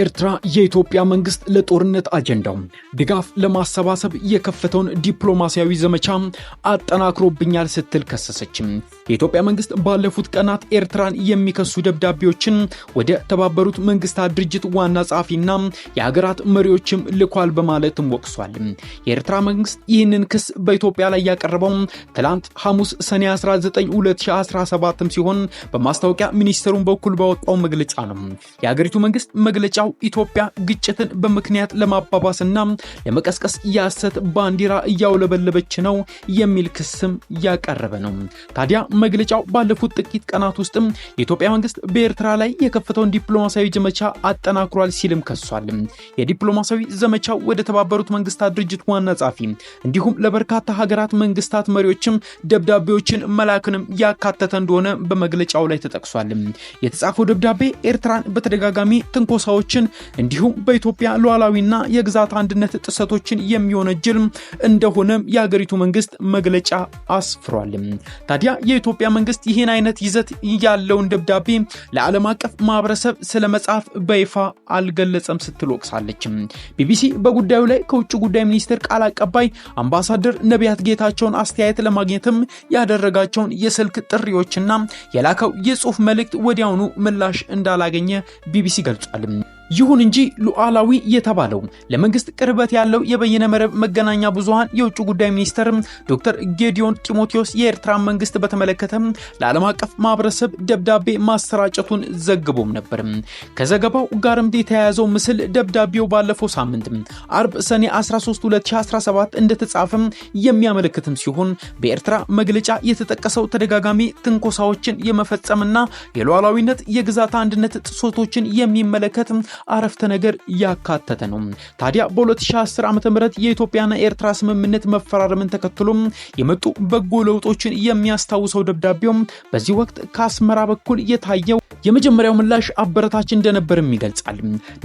ኤርትራ የኢትዮጵያ መንግስት ለጦርነት አጀንዳው ድጋፍ ለማሰባሰብ የከፈተውን ዲፕሎማሲያዊ ዘመቻ አጠናክሮብኛል ስትል ከሰሰች። የኢትዮጵያ መንግስት ባለፉት ቀናት ኤርትራን የሚከሱ ደብዳቤዎችን ወደ ተባበሩት መንግስታት ድርጅት ዋና ጸሐፊና የሀገራት መሪዎችም ልኳል በማለትም ወቅሷል። የኤርትራ መንግስት ይህንን ክስ በኢትዮጵያ ላይ ያቀረበው ትላንት ሐሙስ ሰኔ 19 2017 ሲሆን በማስታወቂያ ሚኒስቴሩን በኩል ባወጣው መግለጫ ነው። የሀገሪቱ መንግስት መግለጫ ምርጫው ኢትዮጵያ ግጭትን በምክንያት ለማባባስና ለመቀስቀስ የሐሰት ባንዲራ እያውለበለበች ነው የሚል ክስም ያቀረበ ነው። ታዲያ መግለጫው ባለፉት ጥቂት ቀናት ውስጥም የኢትዮጵያ መንግስት በኤርትራ ላይ የከፈተውን ዲፕሎማሲያዊ ዘመቻ አጠናክሯል ሲልም ከሷል። የዲፕሎማሲያዊ ዘመቻው ወደ ተባበሩት መንግስታት ድርጅት ዋና ጸሐፊ እንዲሁም ለበርካታ ሀገራት መንግስታት መሪዎችም ደብዳቤዎችን መላክንም ያካተተ እንደሆነ በመግለጫው ላይ ተጠቅሷል። የተጻፈው ደብዳቤ ኤርትራን በተደጋጋሚ ትንኮሳዎች ጥቃቶችን እንዲሁም በኢትዮጵያ ሉዓላዊና የግዛት አንድነት ጥሰቶችን የሚወነጅል እንደሆነም የአገሪቱ መንግስት መግለጫ አስፍሯል። ታዲያ የኢትዮጵያ መንግስት ይህን አይነት ይዘት ያለውን ደብዳቤ ለዓለም አቀፍ ማህበረሰብ ስለ መጽሐፍ በይፋ አልገለጸም ስትል ወቅሳለች። ቢቢሲ በጉዳዩ ላይ ከውጭ ጉዳይ ሚኒስቴር ቃል አቀባይ አምባሳደር ነቢያት ጌታቸውን አስተያየት ለማግኘትም ያደረጋቸውን የስልክ ጥሪዎችና የላከው የጽሁፍ መልእክት ወዲያውኑ ምላሽ እንዳላገኘ ቢቢሲ ገልጿል። ይሁን እንጂ ሉዓላዊ የተባለው ለመንግስት ቅርበት ያለው የበይነ መረብ መገናኛ ብዙሃን የውጭ ጉዳይ ሚኒስትር ዶክተር ጌዲዮን ጢሞቴዎስ የኤርትራ መንግስት በተመለከተ ለዓለም አቀፍ ማህበረሰብ ደብዳቤ ማሰራጨቱን ዘግቦም ነበር። ከዘገባው ጋርም የተያያዘው ምስል ደብዳቤው ባለፈው ሳምንት አርብ ሰኔ 13 2017 እንደተጻፈ የሚያመለክትም ሲሆን በኤርትራ መግለጫ የተጠቀሰው ተደጋጋሚ ትንኮሳዎችን የመፈጸምና የሉዓላዊነት የግዛት አንድነት ጥሶቶችን የሚመለከት አረፍተ ነገር እያካተተ ነው። ታዲያ በ2010 ዓ ም የኢትዮጵያና ኤርትራ ስምምነት መፈራረምን ተከትሎ የመጡ በጎ ለውጦችን የሚያስታውሰው ደብዳቤው በዚህ ወቅት ከአስመራ በኩል የታየው የመጀመሪያው ምላሽ አበረታች እንደነበርም ይገልጻል።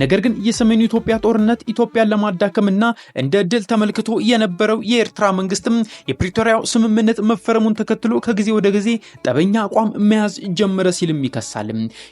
ነገር ግን የሰሜኑ ኢትዮጵያ ጦርነት ኢትዮጵያን ለማዳከምና እንደ ድል ተመልክቶ የነበረው የኤርትራ መንግስትም የፕሪቶሪያው ስምምነት መፈረሙን ተከትሎ ከጊዜ ወደ ጊዜ ጠበኛ አቋም መያዝ ጀመረ ሲልም ይከሳል።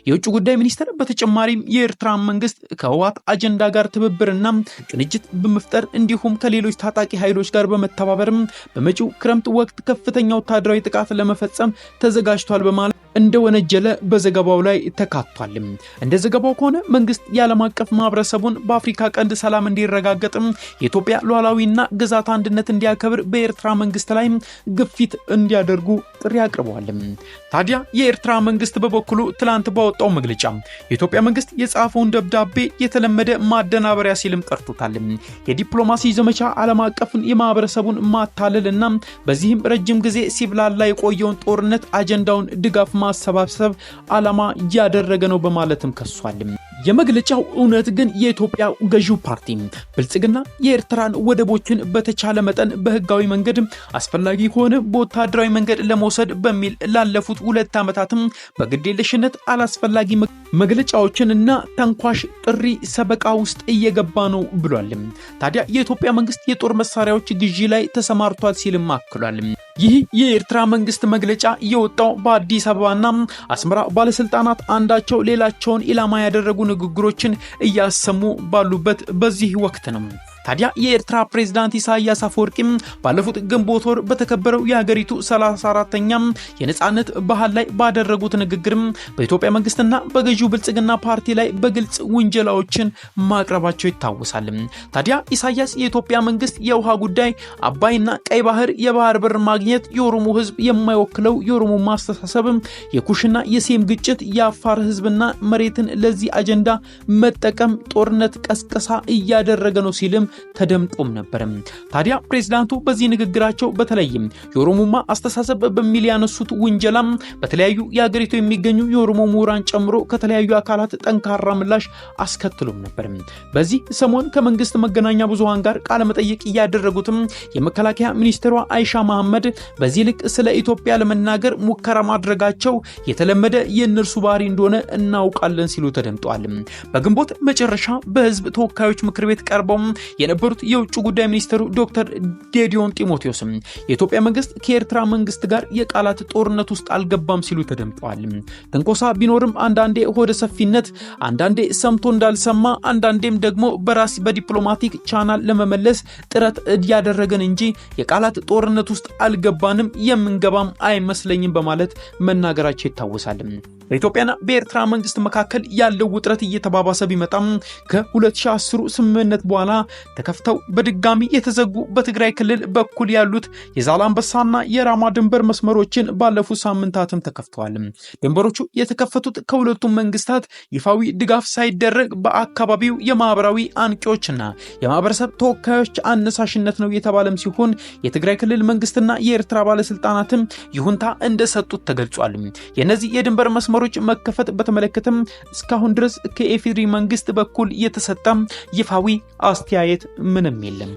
የውጭ ጉዳይ ሚኒስቴር በተጨማሪም የኤርትራ መንግስት መንግስት ከህወሓት አጀንዳ ጋር ትብብርና ቅንጅት በመፍጠር እንዲሁም ከሌሎች ታጣቂ ኃይሎች ጋር በመተባበርም በመጪው ክረምት ወቅት ከፍተኛ ወታደራዊ ጥቃት ለመፈጸም ተዘጋጅቷል በማለት እንደወነጀለ በዘገባው ላይ ተካቷልም። እንደ ዘገባው ከሆነ መንግስት የዓለም አቀፍ ማህበረሰቡን በአፍሪካ ቀንድ ሰላም እንዲረጋገጥም የኢትዮጵያ ሉዓላዊና ግዛት አንድነት እንዲያከብር በኤርትራ መንግስት ላይም ግፊት እንዲያደርጉ ጥሪ አቅርበዋልም። ታዲያ የኤርትራ መንግስት በበኩሉ ትላንት ባወጣው መግለጫ የኢትዮጵያ መንግስት የጻፈውን ደብዳቤ የተለመደ ማደናበሪያ ሲልም ጠርቶታል። የዲፕሎማሲ ዘመቻ ዓለም አቀፍን የማህበረሰቡን ማታለል እና በዚህም ረጅም ጊዜ ሲብላላ የቆየውን ጦርነት አጀንዳውን ድጋፍ ማሰባሰብ ዓላማ ያደረገ ነው በማለትም ከሷልም። የመግለጫው እውነት ግን የኢትዮጵያ ገዢው ፓርቲ ብልጽግና የኤርትራን ወደቦችን በተቻለ መጠን በህጋዊ መንገድ አስፈላጊ ከሆነ በወታደራዊ መንገድ ለመውሰድ በሚል ላለፉት ሁለት ዓመታትም በግዴለሽነት አላስፈላጊ መግለጫዎችንና ተንኳሽ ጥሪ ሰበቃ ውስጥ እየገባ ነው ብሏል። ታዲያ የኢትዮጵያ መንግስት የጦር መሳሪያዎች ግዢ ላይ ተሰማርቷል ሲልም አክሏል። ይህ የኤርትራ መንግስት መግለጫ የወጣው በአዲስ አበባና አስመራ ባለስልጣናት አንዳቸው ሌላቸውን ኢላማ ያደረጉ ንግግሮችን እያሰሙ ባሉበት በዚህ ወቅት ነው። ታዲያ የኤርትራ ፕሬዝዳንት ኢሳያስ አፈወርቂም ባለፉት ግንቦት ወር በተከበረው የሀገሪቱ 34 ተኛ የነፃነት ባህል ላይ ባደረጉት ንግግርም በኢትዮጵያ መንግስትና በገዢው ብልጽግና ፓርቲ ላይ በግልጽ ውንጀላዎችን ማቅረባቸው ይታወሳል። ታዲያ ኢሳያስ የኢትዮጵያ መንግስት የውሃ ጉዳይ፣ አባይና ቀይ ባህር፣ የባህር በር ማግኘት፣ የኦሮሞ ህዝብ የማይወክለው የኦሮሞ ማስተሳሰብ፣ የኩሽና የሴም ግጭት፣ የአፋር ህዝብና መሬትን ለዚህ አጀንዳ መጠቀም ጦርነት ቀስቀሳ እያደረገ ነው ሲልም ተደምጦም ነበርም። ታዲያ ፕሬዚዳንቱ በዚህ ንግግራቸው በተለይም የኦሮሞማ አስተሳሰብ በሚል ያነሱት ውንጀላም በተለያዩ የአገሪቱ የሚገኙ የኦሮሞ ምሁራን ጨምሮ ከተለያዩ አካላት ጠንካራ ምላሽ አስከትሎም ነበርም። በዚህ ሰሞን ከመንግስት መገናኛ ብዙሃን ጋር ቃለመጠይቅ እያደረጉትም የመከላከያ ሚኒስትሯ አይሻ መሐመድ በዚህ ልክ ስለ ኢትዮጵያ ለመናገር ሙከራ ማድረጋቸው የተለመደ የእነርሱ ባህሪ እንደሆነ እናውቃለን ሲሉ ተደምጧል። በግንቦት መጨረሻ በህዝብ ተወካዮች ምክር ቤት ቀርበው የነበሩት የውጭ ጉዳይ ሚኒስትሩ ዶክተር ዴዲዮን ጢሞቴዎስም የኢትዮጵያ መንግስት ከኤርትራ መንግስት ጋር የቃላት ጦርነት ውስጥ አልገባም ሲሉ ተደምጠዋል። ትንኮሳ ቢኖርም አንዳንዴ ሆደ ሰፊነት፣ አንዳንዴ ሰምቶ እንዳልሰማ፣ አንዳንዴም ደግሞ በራስ በዲፕሎማቲክ ቻናል ለመመለስ ጥረት እያደረገን እንጂ የቃላት ጦርነት ውስጥ አልገባንም የምንገባም አይመስለኝም በማለት መናገራቸው ይታወሳል። በኢትዮጵያና በኤርትራ መንግስት መካከል ያለው ውጥረት እየተባባሰ ቢመጣም ከ2010 ስምምነት በኋላ ተከፍተው በድጋሚ የተዘጉ በትግራይ ክልል በኩል ያሉት የዛላንበሳና የራማ ድንበር መስመሮችን ባለፉት ሳምንታትም ተከፍተዋል። ድንበሮቹ የተከፈቱት ከሁለቱም መንግስታት ይፋዊ ድጋፍ ሳይደረግ በአካባቢው የማህበራዊ አንቂዎችና የማህበረሰብ ተወካዮች አነሳሽነት ነው የተባለም ሲሆን የትግራይ ክልል መንግስትና የኤርትራ ባለስልጣናትም ይሁንታ እንደሰጡት ተገልጿል። የእነዚህ የድንበር መስመሮ መስመሮች መከፈት በተመለከተም እስካሁን ድረስ ከኤፌድሪ መንግስት በኩል የተሰጠ ይፋዊ አስተያየት ምንም የለም።